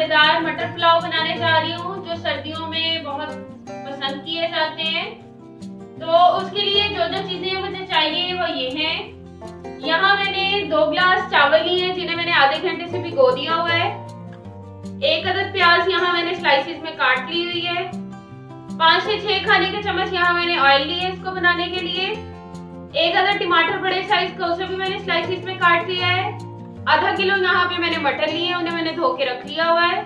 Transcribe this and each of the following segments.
मज़ेदार मटर पुलाव बनाने जा रही हूँ जो सर्दियों में बहुत पसंद किए जाते हैं तो उसके लिए जो जो चीज़ें मुझे चाहिए वो ये हैं यहाँ मैंने दो ग्लास चावल लिए हैं जिन्हें मैंने आधे घंटे से भिगो दिया हुआ है एक अदद प्याज यहाँ मैंने स्लाइसिस में काट ली हुई है पांच से छह खाने के चम्मच यहाँ मैंने ऑयल लिए इसको बनाने के लिए एक अदर टमाटर बड़े साइज का उसे भी मैंने स्लाइसिस में काट लिया है आधा किलो यहाँ पे मैंने मटर लिए उन्हें मैंने धो के रख लिया हुआ है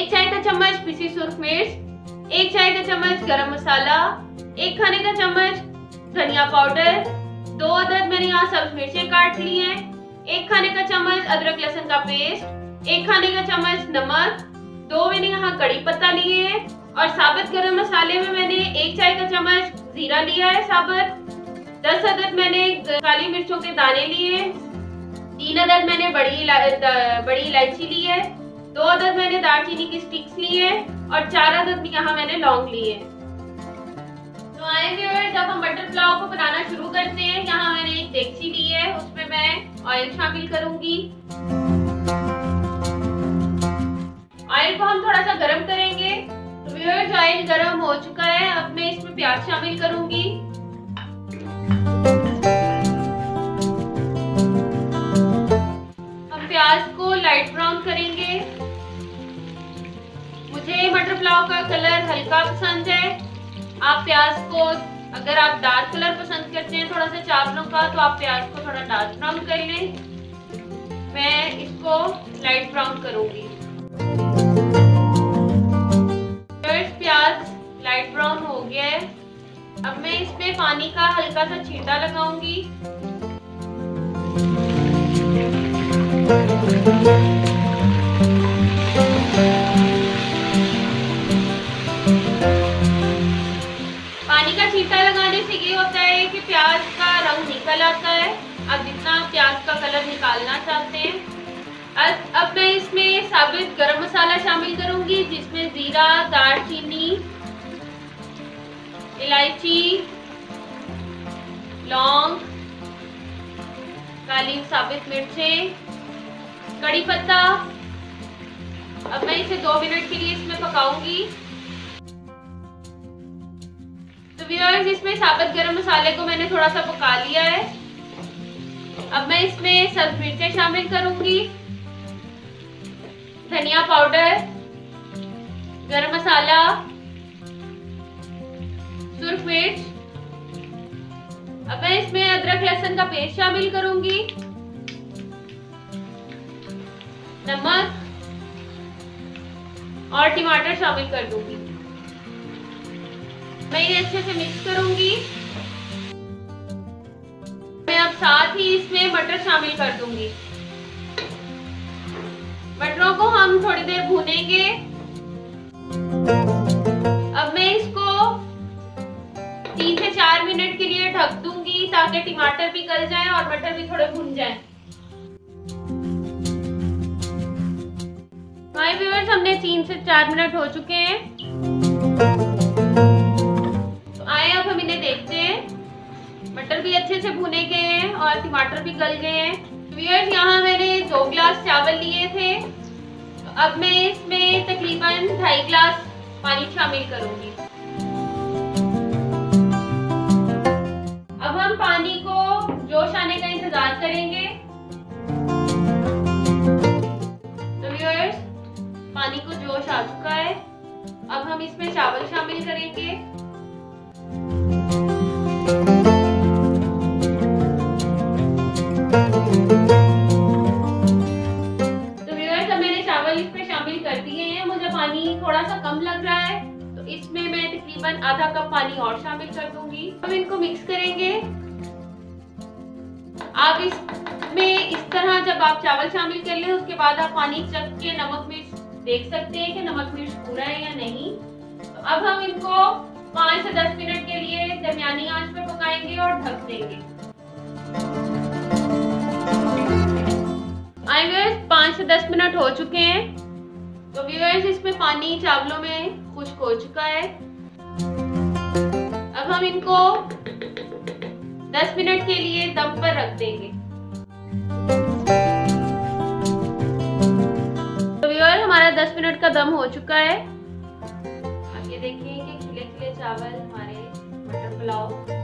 एक चाय का चम्मच पिसी सुर्ख मिर्च एक चाय का चम्मच गरम मसाला एक खाने का चम्मच धनिया पाउडर दो अदरक मैंने यहाँ सब्ज मिर्चे काट ली हैं एक खाने का चम्मच अदरक लहसुन का पेस्ट एक खाने का चम्मच नमक दो मैंने यहाँ कड़ी पत्ता लिए है और साबुत गरम मसाले में मैंने एक चाय का चम्मच जीरा लिया है साबुत दस अदरक मैंने काली मिर्चों के दाने लिए तीन अदर मैंने बड़ी बड़ी इलायची ली है दो अदर मैंने दालचीनी की स्टिक्स ली है और चार अदर यहाँ मैंने लौंग ली है तो आए व्यवर जब हम बटर पुलाव को बनाना शुरू करते हैं यहाँ मैंने एक डेक्ची ली है उसमें मैं ऑयल शामिल करूंगी ऑयल को हम थोड़ा सा गर्म करेंगे तो व्यवर्स ऑयल गर्म हो चुका है अब मैं इसमें प्याज शामिल करूंगी मटर पुलाव का कलर हल्का पसंद है आप प्याज को अगर आप डार्क कलर पसंद करते हैं थोड़ा सा चावलों का तो आप प्याज को थोड़ा डार्क ब्राउन कर लें मैं इसको लाइट ब्राउन करूंगी प्याज लाइट ब्राउन हो गया है अब मैं इसमें पानी का हल्का सा छींटा लगाऊंगी निकालना चाहते हैं अब मैं इसमें साबित गरम मसाला शामिल करूंगी जिसमें ज़ीरा दालचीनी इलायची लौंग काली साबित मिर्चे कड़ी पत्ता अब मैं इसे दो मिनट के लिए इसमें पकाऊंगी तो व्यूअर्स इसमें साबित गरम मसाले को मैंने थोड़ा सा पका लिया है अब मैं इसमें सब मिर्चें शामिल करूंगी धनिया पाउडर गरम मसाला सुर्ख मिर्च अब मैं इसमें अदरक लहसुन का पेस्ट शामिल करूंगी नमक और टमाटर शामिल कर दूंगी मैं ये अच्छे से मिक्स करूंगी साथ ही इसमें मटर शामिल कर दूंगी मटरों को हम थोड़ी देर भूनेंगे अब मैं इसको तीन से चार मिनट के लिए ढक दूंगी ताकि टमाटर भी गल जाए और मटर भी थोड़े भून जाए हमने तीन से चार मिनट हो चुके हैं मटर भी अच्छे से भुने गए हैं और टमाटर भी गल गए हैं वियर्स यहाँ मैंने दो ग्लास चावल लिए थे तो अब मैं इसमें तकरीबन ढाई ग्लास पानी शामिल करूंगी अब हम पानी को जोश आने का इंतज़ार करेंगे तो व्यूअर्स पानी को जोश आ चुका है अब हम इसमें चावल शामिल करेंगे आधा कप पानी और शामिल कर दूंगी हम इनको मिक्स करेंगे आप इसमें इस तरह जब आप चावल शामिल कर ले उसके बाद आप पानी चख के नमक मिर्च देख सकते हैं कि नमक मिर्च पूरा है या नहीं तो अब हम इनको पाँच से दस मिनट के लिए दरमियानी आंच पर पकाएंगे और ढक देंगे पाँच से दस मिनट हो चुके हैं तो व्यूअर्स इसमें पानी चावलों में खुश्क हो चुका है हम इनको 10 मिनट के लिए दम पर रख देंगे तो व्यूअर हमारा 10 मिनट का दम हो चुका है आप ये देखिए कि खिले खिले चावल हमारे मटर पुलाव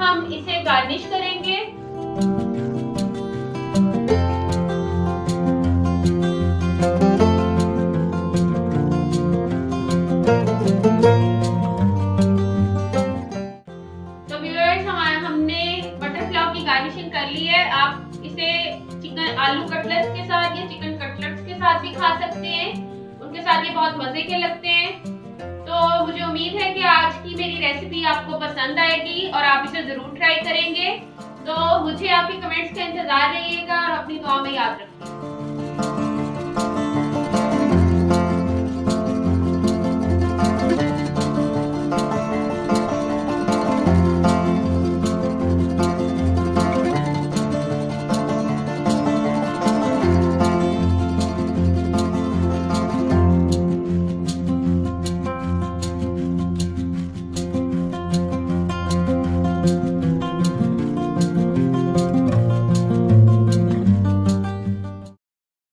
हम इसे गार्निश करेंगे गार्निशिंग तो कर ली है आप इसे चिकन आलू कटलेट्स के साथ या चिकन कटलेट्स के साथ भी खा सकते हैं उनके साथ ये बहुत मजे के लगते हैं तो मुझे उम्मीद है कि आज की मेरी रेसिपी आपको पसंद आएगी और आप इसे ज़रूर ट्राई करेंगे तो मुझे आपके कमेंट्स का इंतज़ार रहिएगा और अपनी दुआ में याद रखिएगा